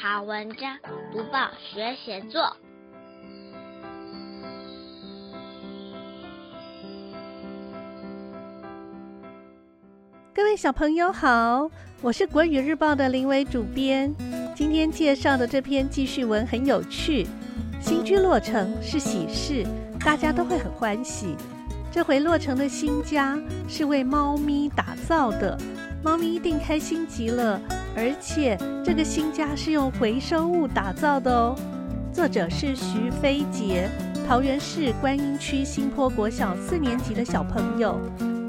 好文章，讀報學寫作。各位小朋友好，我是國語日報的林偉主編。今天介紹的這篇記敘文很有趣。新居落成是喜事，大家都會很歡喜。這回落成的新家是為貓咪打造的，貓咪一定開心極了。而且這個新家是用回收物打造的哦。作者是徐飛杰，桃園市觀音區新坡國小四年級的小朋友。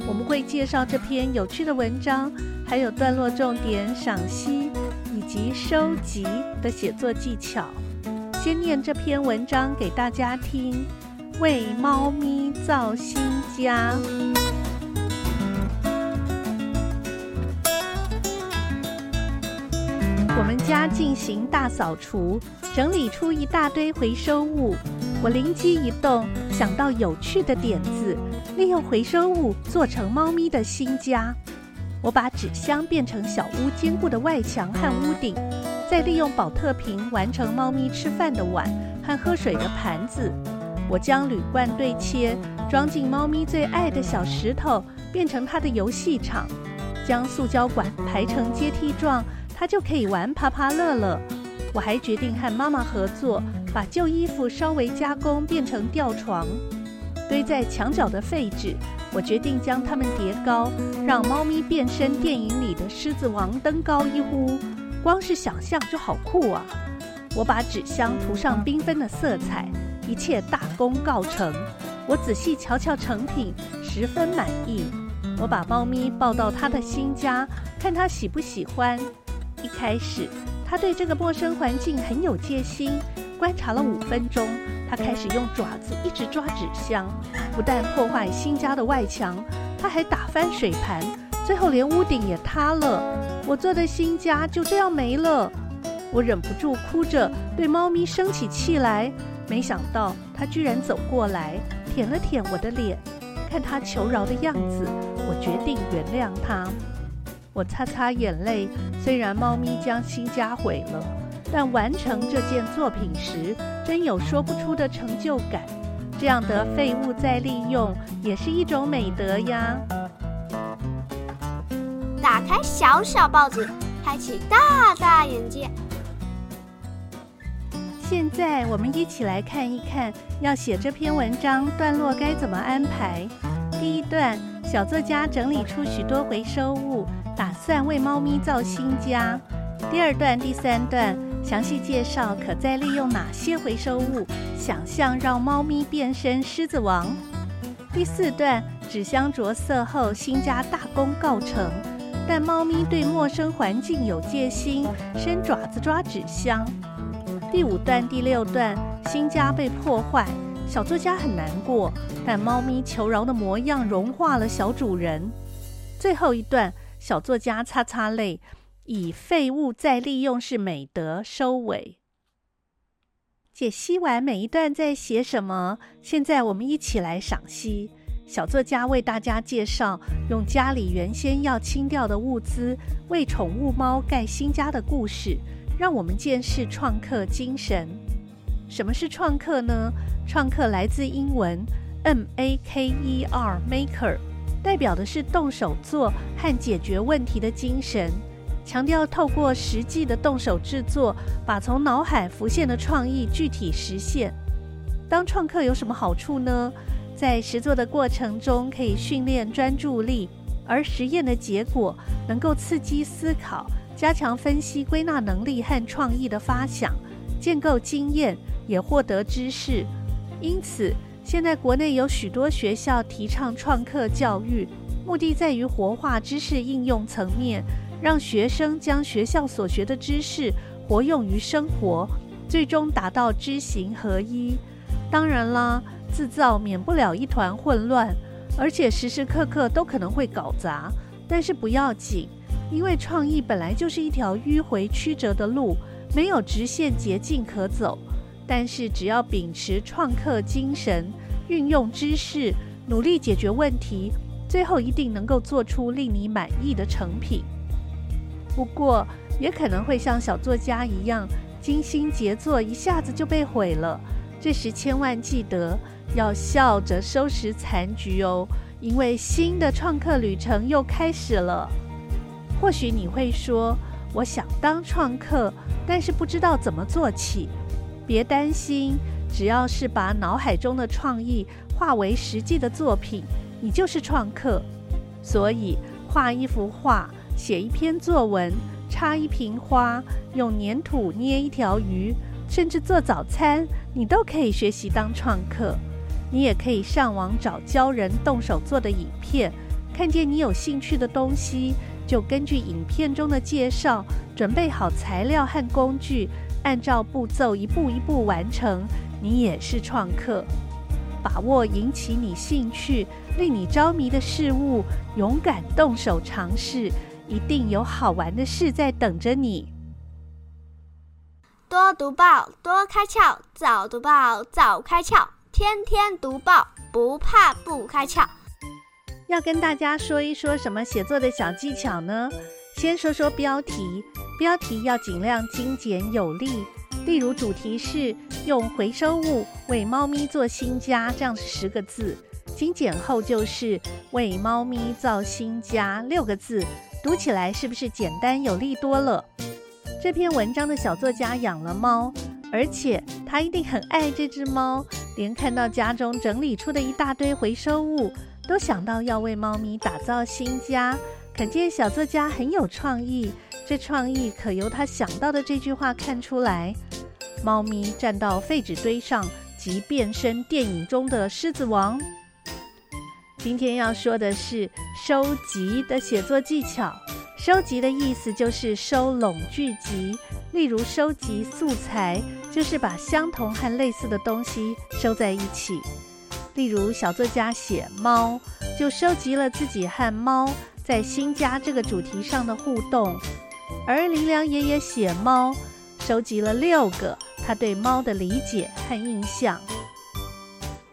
我們會介紹這篇有趣的文章，還有段落重點賞析以及收集的寫作技巧。先念這篇文章給大家聽：為貓咪造新家。我們家進行大掃除，整理出一大堆回收物。我靈機一動，想到有趣的點子，利用回收物做成貓咪的新家。我把紙箱變成小屋堅固的外牆和屋頂，再利用寶特瓶完成貓咪吃飯的碗和喝水的盤子。我將鋁罐對切，裝進貓咪最愛的小石頭，變成它的遊戲場，將塑膠管排成階梯狀。它就可以玩爬爬樂了。我還決定和媽媽合作，把舊衣服稍微加工變成吊床。堆在牆角的廢紙，我決定將它們疊高，讓貓咪變身電影裡的獅子王登高一呼。光是想象就好酷啊！我把紙箱塗上繽紛的色彩，一切大功告成。我仔細瞧瞧成品，十分滿意。我把貓咪抱到它的新家，看它喜不喜歡。一開始，他對這個陌生環境很有戒心。觀察了五分鐘，他開始用爪子一直抓紙箱，不但破壞新家的外牆，他還打翻水盤，最後連屋頂也塌了。我做的新家就這樣沒了，我忍不住哭着對貓咪生起氣來。沒想到它居然走過來，舔了舔我的臉，看它求饒的樣子，我決定原諒它。我擦擦眼淚，雖然貓咪將新家毀了，但完成這件作品時，真有說不出的成就感。這樣的廢物再利用，也是一種美德呀！打開小小報紙，開啟大大眼界。現在我們一起來看一看，要寫這篇文章段落該怎麼安排。第一段。小作家整理出許多回收物，打算為貓咪造新家。第二段、第三段詳細介紹可再利用哪些回收物，想象讓貓咪變身獅子王。第四段，紙箱着色後，新家大功告成。但貓咪對陌生環境有戒心，伸爪子抓紙箱。第五段、第六段，新家被破壞。小作家很難過，但貓咪求饒的模樣融化了小主人。最後一段，小作家擦擦淚，以“廢物再利用是美德”收尾。解析完每一段在寫什麼，現在我們一起來賞析。小作家為大家介紹用家裡原先要清掉的物資為寵物貓蓋新家的故事，讓我們見識創客精神。什麼是創客呢？創客來自英文 M-A-K-E-R，Maker，代表的是動手做和解決問題的精神，強調透過實際的動手制作，把從腦海浮現的創意具體實現。當創客有什麼好處呢？在實作的過程中，可以訓練專注力，而實驗的結果能夠刺激思考，加強分析歸納能力和創意的發想，建構經驗，也獲得知識，因此現在國內有許多學校提倡創客教育，目的在於活化知識應用層面，讓學生將學校所學的知識活用於生活，最終達到知行合一。當然啦，自造免不了一團混亂，而且時時刻刻都可能會搞砸，但是不要緊，因為創意本來就是一條迂回曲折的路，沒有直線捷徑可走。但是，只要秉持創客精神，運用知識，努力解決問題，最後一定能夠做出令你滿意的成品。不過，也可能會像小作家一樣，精心傑作一下子就被毀了。這時，千萬記得要笑着收拾殘局哦，因為新的創客旅程又開始了。或許你會說：“我想當創客，但是不知道怎麼做起。”別擔心，只要是把腦海中的創意化為實際的作品，你就是創客。所以，畫一幅畫、寫一篇作文、插一瓶花、用粘土捏一條魚，甚至做早餐，你都可以學習當創客。你也可以上網找教人動手做的影片，看見你有興趣的東西，就根據影片中的介紹，準備好材料和工具。按照步驟一步一步完成，你也是創客。把握引起你興趣、令你着迷的事物，勇敢動手嘗試，一定有好玩的事在等着你。多讀報，多開竅；早讀報，早開竅；天天讀報，不怕不開竅。要跟大家說一說什麼寫作的小技巧呢？先說說標題，標題要盡量精簡有力。例如，主題是“用回收物為貓咪做新家”，這樣是十個字，精簡後就是“為貓咪造新家”，六個字，讀起來是不是簡單有力多了？這篇文章的小作家養了貓，而且他一定很愛這隻貓，連看到家中整理出的一大堆回收物，都想到要為貓咪打造新家。可見小作家很有創意，這創意可由他想到的這句話看出來：貓咪站到廢紙堆上，即變身電影中的獅子王。今天要說的是收集的寫作技巧。收集的意思就是收攏、聚集，例如收集素材，就是把相同和類似的東西收在一起。例如，小作家寫貓，就收集了自己和貓，在新家這個主題上的互動，而林良爺爺寫貓，收集了六個他對貓的理解和印象。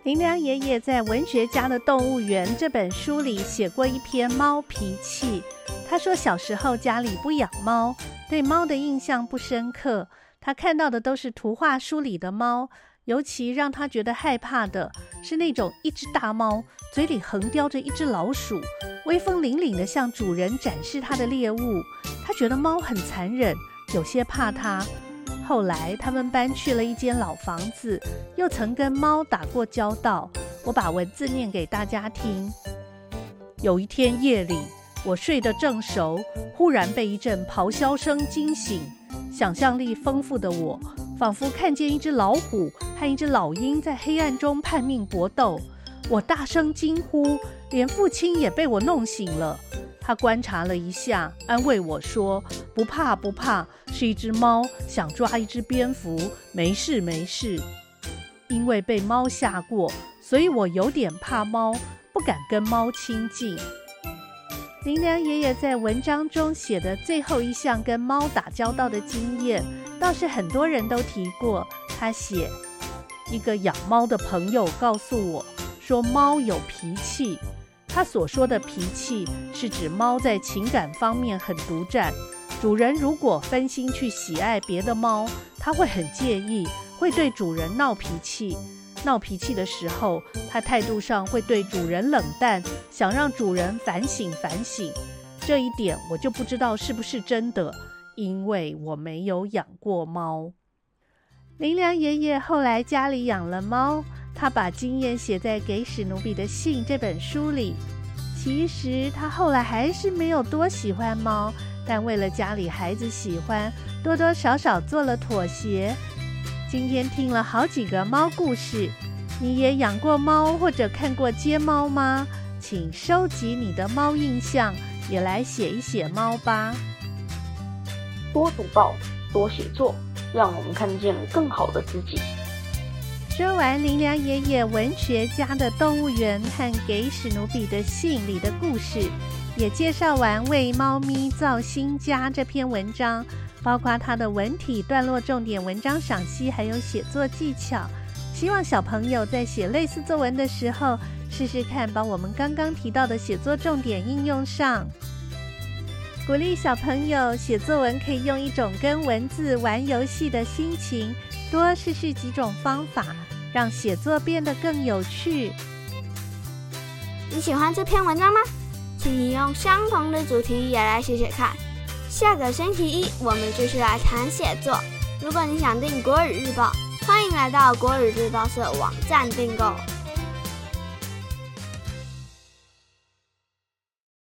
林良爺爺在《文學家的動物園》這本書裡寫過一篇《貓脾氣》，他說小時候家裡不養貓，對貓的印象不深刻，他看到的都是圖畫書裡的貓，尤其讓他覺得害怕的是那種一隻大貓嘴裡橫叼着一隻老鼠。威風凜凜地向主人展示他的獵物，他覺得貓很殘忍，有些怕它。後來他們搬去了一間老房子，又曾跟貓打過交道。我把文字念給大家聽。有一天夜裡，我睡得正熟，忽然被一陣咆哮聲驚醒。想象力豐富的我，仿佛看見一隻老虎和一隻老鷹在黑暗中拼命搏鬥。我大聲驚呼，連父親也被我弄醒了。他觀察了一下，安慰我說：“不怕不怕，是一隻貓想抓一隻蝙蝠，沒事沒事。”因為被貓嚇過，所以我有點怕貓，不敢跟貓親近。林良爺爺在文章中寫的最後一項跟貓打交道的經驗，倒是很多人都提過。他寫一個養貓的朋友告訴我，說貓有脾氣，他所說的脾氣是指貓在情感方面很獨佔。主人如果分心去喜愛別的貓，它會很介意，會對主人鬧脾氣。鬧脾氣的時候，它態度上會對主人冷淡，想讓主人反省反省。這一點我就不知道是不是真的，因為我沒有養過貓。林良爺爺後來家裡養了貓。他把經驗寫在《給史努比的信》這本書裡。其實他後來還是沒有多喜歡貓，但為了家裡孩子喜歡，多多少少做了妥協。今天聽了好幾個貓故事，你也養過貓或者看過街貓嗎？請收集你的貓印象，也來寫一寫貓吧。多讀報，多寫作，讓我們看見更好的自己。說完林良爺爺《文學家的動物園》和《給史努比的信》裡的故事，也介紹完《為貓咪造新家》這篇文章，包括它的文體、段落重點、文章賞析，還有寫作技巧。希望小朋友在寫類似作文的時候，試試看把我們剛剛提到的寫作重點應用上，鼓勵小朋友寫作文可以用一種跟文字玩遊戲的心情。多試試幾種方法，讓寫作變得更有趣。你喜歡這篇文章嗎？請你用相同的主題也來寫寫看。下個星期一，我們繼續來談寫作。如果你想訂《國語日報》，歡迎來到《國語日報社》網站訂購。